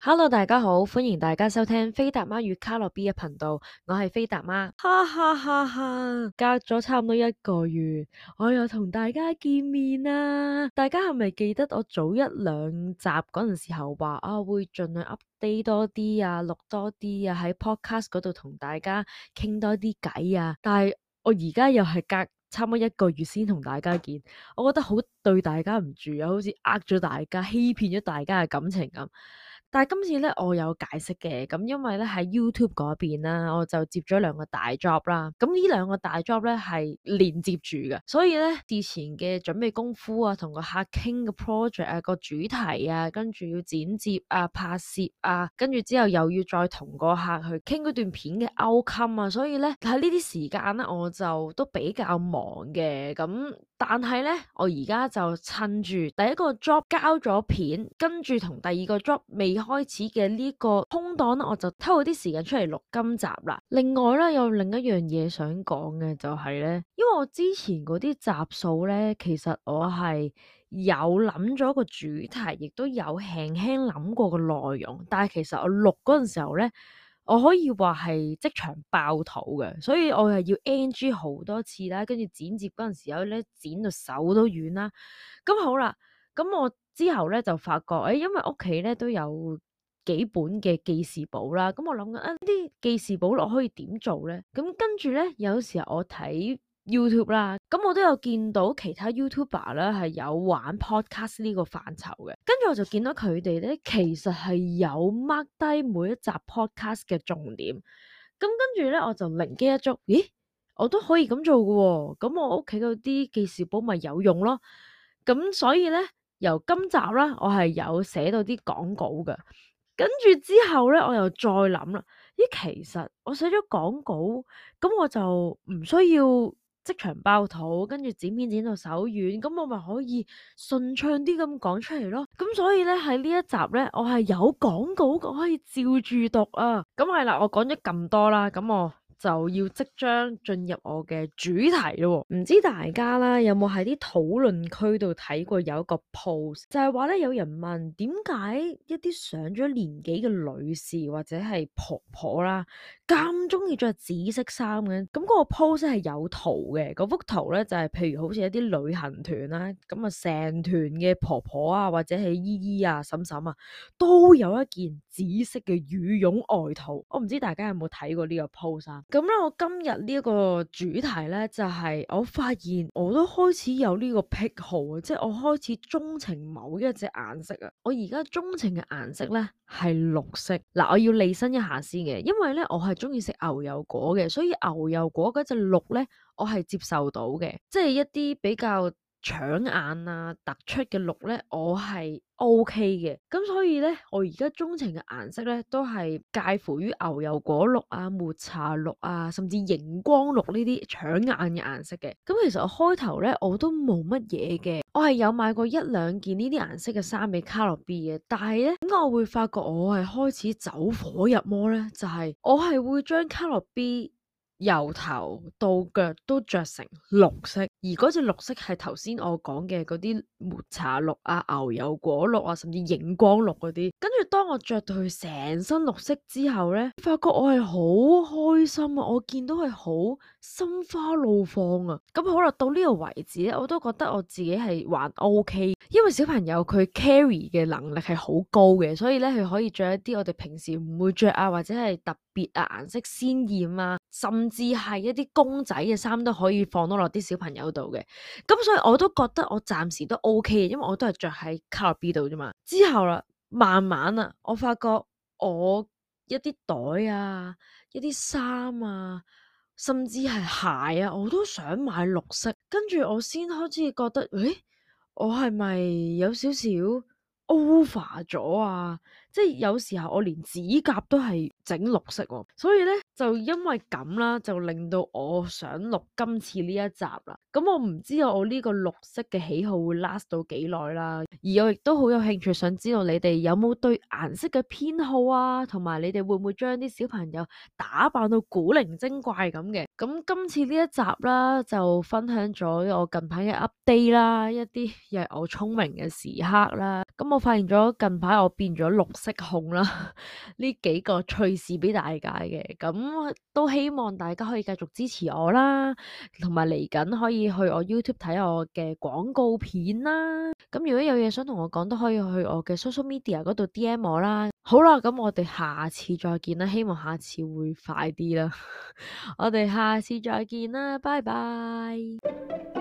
Hello 大家好，歡迎大家收聽菲達媽與卡洛 B 嘅頻道。我係菲達媽，哈哈哈！哈隔咗差唔多一個月，我又同大家見面啦。大家係咪記得我早一兩集嗰陣時候話啊，會盡量 update 多啲啊，錄多啲啊，喺 podcast 嗰度同大家傾多啲偈啊？但係我而家又係隔差唔多一個月先同大家見，我覺得好對大家唔住啊，好似呃咗大家、欺騙咗大家嘅感情咁。但係今次咧，我有解釋嘅。咁因為咧喺 YouTube 嗰邊啦，啊，我就接咗兩個大 job 啦，咁呢兩個大 job 咧係連接住嘅，所以咧之前嘅準備功夫啊，同個客傾個 project 啊、個主題啊，跟住要剪接啊、拍攝啊，跟住之後又要再同個客去傾嗰段片嘅 outcome 啊，所以咧喺呢啲時間咧，我就都比較忙嘅，咁。但係呢，我而家就趁住第一個 job 交咗片，跟住同第二個 job 未開始嘅呢個空檔呢，我就偷咗啲時間出嚟錄今集啦。另外呢，有另一樣嘢想講嘅就係呢：因為我之前嗰啲集數呢，其實我係有諗咗個主題，亦都有輕輕諗過個內容，但係其實我錄嗰陣時候呢。我可以話係即場爆肚嘅，所以我係要 NG 好多次啦，跟住剪接嗰陣時候咧剪到手都軟啦。咁好啦，咁我之後咧就發覺，誒、欸、因為屋企咧都有幾本嘅記事簿啦，咁我諗緊啊啲記事簿我可以點做咧？咁跟住咧有時候我睇 YouTube 啦，咁我都有見到其他 YouTuber 咧，係有玩 podcast 呢個範疇嘅，跟住我就見到佢哋咧，其實係有 mark 低每一集 podcast 嘅重點，咁跟住咧我就靈機一觸，咦，我都可以咁做嘅，哦，咁我屋企嗰啲記事簿咪有用咯，咁所以咧由今集啦，我係有寫到啲講稿嘅，跟住之後咧我又再諗啦，咦，其實我寫咗講稿，咁我就唔需要。即場爆肚，跟住剪片剪到手軟，咁我咪可以順暢啲咁講出嚟咯。咁所以咧喺呢一集咧，我係有講稿我可以照住讀啊。咁係啦，我講咗咁多啦，咁我，就要即將進入我嘅主題咯，唔知大家啦有冇喺啲討論區度睇過有一個 post，就係話咧有人問點解一啲上咗年紀嘅女士或者係婆婆啦咁中意着紫色衫嘅，咁嗰個 post 係有圖嘅，幅圖咧就係譬如好似一啲旅行團啦，咁啊成團嘅婆婆啊或者係姨姨啊嬸嬸啊，都有一件紫色嘅羽絨外套，我唔知大家有冇睇過呢個 post。咁咧，這我今日呢一個主題呢，就係、是、我發現我都開始有呢個癖好啊，即係我開始鍾情某一隻顏色啊。我而家鍾情嘅顏色呢係綠色。嗱，我要利申一下先嘅，因為呢，我係中意食牛油果嘅，所以牛油果嗰隻綠呢，我係接受到嘅，即係一啲比較。搶眼啊！突出嘅綠呢，我係 O K 嘅，咁所以呢，我而家鍾情嘅顏色呢，都係介乎於牛油果綠啊、抹茶綠啊，甚至熒光綠呢啲搶眼嘅顏色嘅。咁其實我開頭呢，我都冇乜嘢嘅，我係有買過一兩件呢啲顏色嘅衫俾卡洛 B 嘅，但係呢，點解我會發覺我係開始走火入魔呢？就係、是、我係會將卡洛 B 由頭到腳都着成綠色。而嗰隻綠色係頭先我講嘅嗰啲抹茶綠啊、牛油果綠啊，甚至熒光綠嗰啲。跟住當我着到佢成身綠色之後呢，發覺我係好開心啊！我見到佢好心花怒放啊！咁好啦，到呢個為止呢，我都覺得我自己係還 OK。因為小朋友佢 carry 嘅能力係好高嘅，所以呢，佢可以着一啲我哋平時唔會着啊，或者係特別啊顏色鮮艷啊，甚至係一啲公仔嘅衫都可以放多落啲小朋友。度嘅，咁所以我都覺得我暫時都 OK 嘅，因為我都係着喺卡羅 B 度啫嘛。之後啦，慢慢啊，我發覺我一啲袋啊，一啲衫啊，甚至係鞋啊，我都想買綠色。跟住我先開始覺得，誒、欸，我係咪有少少 over 咗啊？即係有時候我連指甲都係整綠色，所以咧，就因為咁啦，就令到我想錄今次呢一集啦。咁、嗯、我唔知道我呢個綠色嘅喜好會 last 到幾耐啦。而我亦都好有興趣，想知道你哋有冇對顏色嘅偏好啊，同埋你哋會唔會將啲小朋友打扮到古靈精怪咁嘅？咁、嗯、今次呢一集啦，就分享咗我近排嘅 update 啦，一啲又係我聰明嘅時刻啦。咁、嗯、我發現咗近排我變咗綠色。控啦，呢 幾個趣事俾大家嘅，咁都希望大家可以繼續支持我啦，同埋嚟緊可以去我 YouTube 睇我嘅廣告片啦。咁如果有嘢想同我講，都可以去我嘅 social media 嗰度 DM 我啦。好啦，咁我哋下次再見啦，希望下次會快啲啦。 我哋下次再見啦，拜拜。